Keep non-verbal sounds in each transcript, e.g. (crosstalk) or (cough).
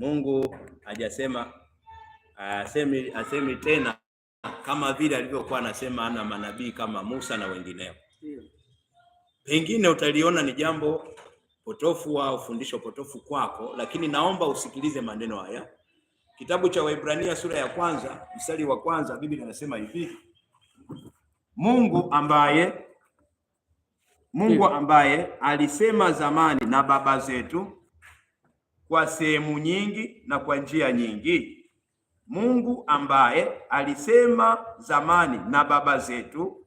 Mungu hajasema asemi, asemi tena kama vile alivyokuwa anasema ana manabii kama Musa na wengineo. Pengine utaliona ni jambo potofu au fundisho potofu kwako, lakini naomba usikilize maneno haya. Kitabu cha Waibrania sura ya kwanza mstari wa kwanza, Biblia inasema hivi: Mungu ambaye Mungu ambaye alisema zamani na baba zetu kwa sehemu nyingi na kwa njia nyingi. Mungu ambaye alisema zamani na baba zetu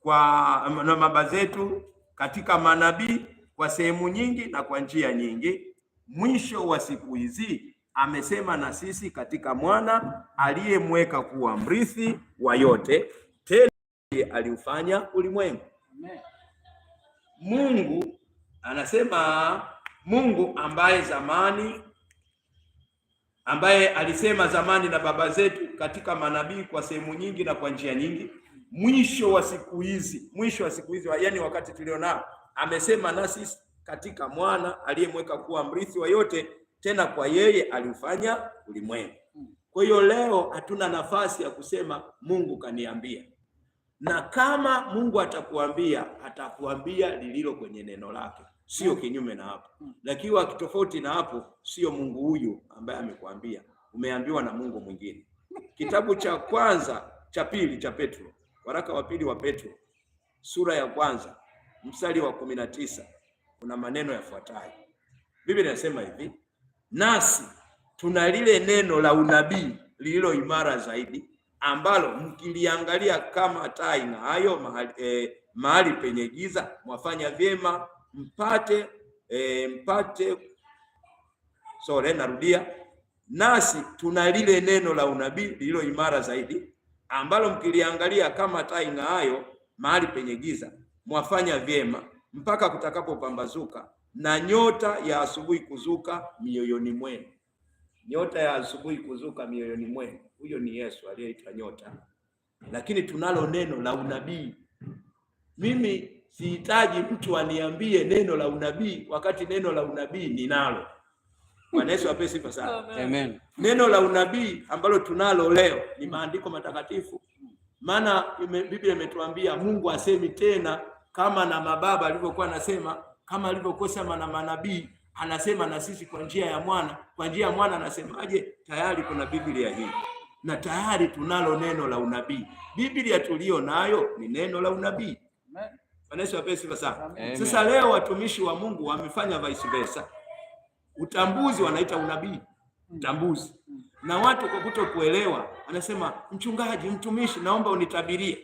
kwa na baba zetu katika manabii kwa sehemu nyingi na kwa njia nyingi, mwisho wa siku hizi amesema na sisi katika mwana aliyemweka kuwa mrithi wa yote, tena aliufanya ulimwengu. Mungu anasema Mungu ambaye zamani ambaye alisema zamani na baba zetu katika manabii kwa sehemu nyingi na kwa njia nyingi, mwisho wa siku hizi, mwisho wa siku hizi, yaani wakati tulionao, amesema nasi katika mwana aliyemweka kuwa mrithi wa yote, tena kwa yeye aliufanya ulimwengu. Kwa hiyo leo hatuna nafasi ya kusema Mungu kaniambia, na kama Mungu atakuambia, atakuambia lililo kwenye neno lake sio kinyume na hapo, mm. lakini wa kitofauti na hapo, sio Mungu huyu ambaye amekuambia, umeambiwa na Mungu mwingine. Kitabu cha (laughs) kwanza cha pili cha Petro, waraka wa pili wa Petro sura ya kwanza mstari wa kumi na tisa kuna maneno yafuatayo. Biblia inasema hivi, nasi tuna lile neno la unabii lililo imara zaidi, ambalo mkiliangalia kama taa ing'aayo mahali, eh, mahali penye giza mwafanya vyema mpate e, mpate sore. Narudia, nasi tuna lile neno la unabii lililo imara zaidi, ambalo mkiliangalia kama taa ing'aayo mahali penye giza, mwafanya vyema mpaka kutakapopambazuka na nyota ya asubuhi kuzuka mioyoni mwenu. Nyota ya asubuhi kuzuka mioyoni mwenu, huyo ni Yesu aliyeitwa nyota. Lakini tunalo neno la unabii mimi sihitaji mtu aniambie neno la unabii wakati neno la unabii ninalo. Bwana Yesu apewe sifa sana. Amen. Neno la unabii ambalo tunalo leo ni maandiko matakatifu, maana Biblia imetuambia Mungu asemi tena kama na mababa alivyokuwa anasema, kama alivyokosema na manabii, anasema na sisi kwa njia ya mwana. Kwa njia ya mwana anasemaje? Tayari kuna Biblia hii na tayari tunalo neno la unabii. Biblia tuliyo nayo ni neno la unabii. Yesu apewe sifa sana. Sasa leo watumishi wa Mungu wamefanya vice versa. Utambuzi wanaita unabii, utambuzi na watu kwa kuelewa anasema, mchungaji, mtumishi, naomba unitabirie.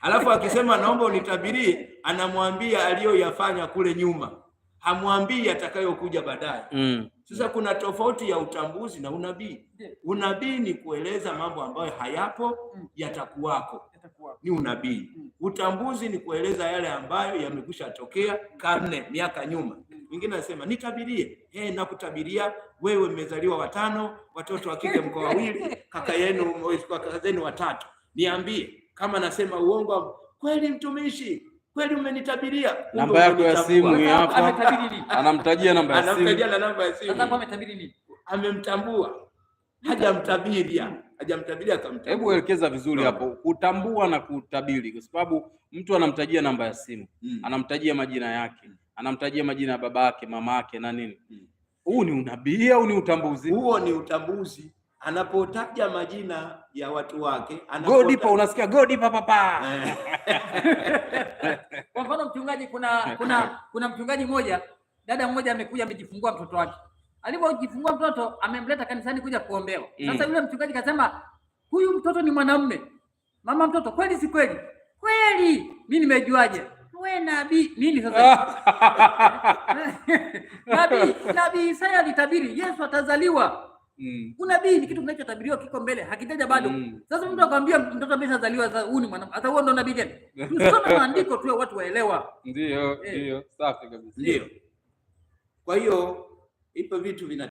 Alafu akisema naomba unitabirie, anamwambia aliyoyafanya kule nyuma, hamwambii atakayokuja baadaye. Mm. Sasa kuna tofauti ya utambuzi na unabii. Unabii ni kueleza mambo ambayo hayapo, mm. yatakuwako, ni unabii. Utambuzi ni kueleza yale ambayo yamekwisha tokea karne, miaka nyuma. Mwingine anasema nitabirie. hey, nakutabiria wewe, mmezaliwa watano, watoto wa kike mko wawili, kaka yenu kaka zenu watatu. Niambie kama nasema uongo. Kweli mtumishi, kweli umenitabiria. Namba yako ya simu hapa, anamtajia namba ya simu, anamtajia na namba ya simu. Sasa ametabiri nini? Amemtambua, hajamtabiria hajamtabiri akamtabiri. Hebu elekeza vizuri no. hapo kutambua na kutabiri, kwa sababu mtu anamtajia namba ya simu mm. anamtajia majina yake mm. anamtajia majina ya baba yake mama yake na nini. Mm. Huu mm. ni unabii au ni utambuzi? Huo ni utambuzi anapotaja majina ya watu wake anapota... Godipa, unasikia Godipa papa. Eh. (laughs) Kwa mfano mchungaji, kuna kuna kuna mchungaji mmoja, dada mmoja amekuja amejifungua mtoto wake alipojifungua mtoto amemleta kanisani kuja kuombewa. Mm. Sasa yule mchungaji kasema huyu mtoto ni mwanamume. Mama mtoto, kweli si kweli? Kweli. Mimi nimejuaje? We nabii nini sasa? (laughs) (laughs) Nabii, nabii Isaya alitabiri Yesu atazaliwa. Mm. Unabii ni kitu kinachotabiriwa kiko mbele, hakitaja bado. Mm. Sasa mtu akwambia mtoto ameshazaliwa sasa huyu ni mwanamume. Hata huo ndo nabii gani? (laughs) Tusome maandiko tu watu waelewa. Ndio, eh. ndio. Safi kabisa. Ndio. Kwa hiyo ipo vitu vina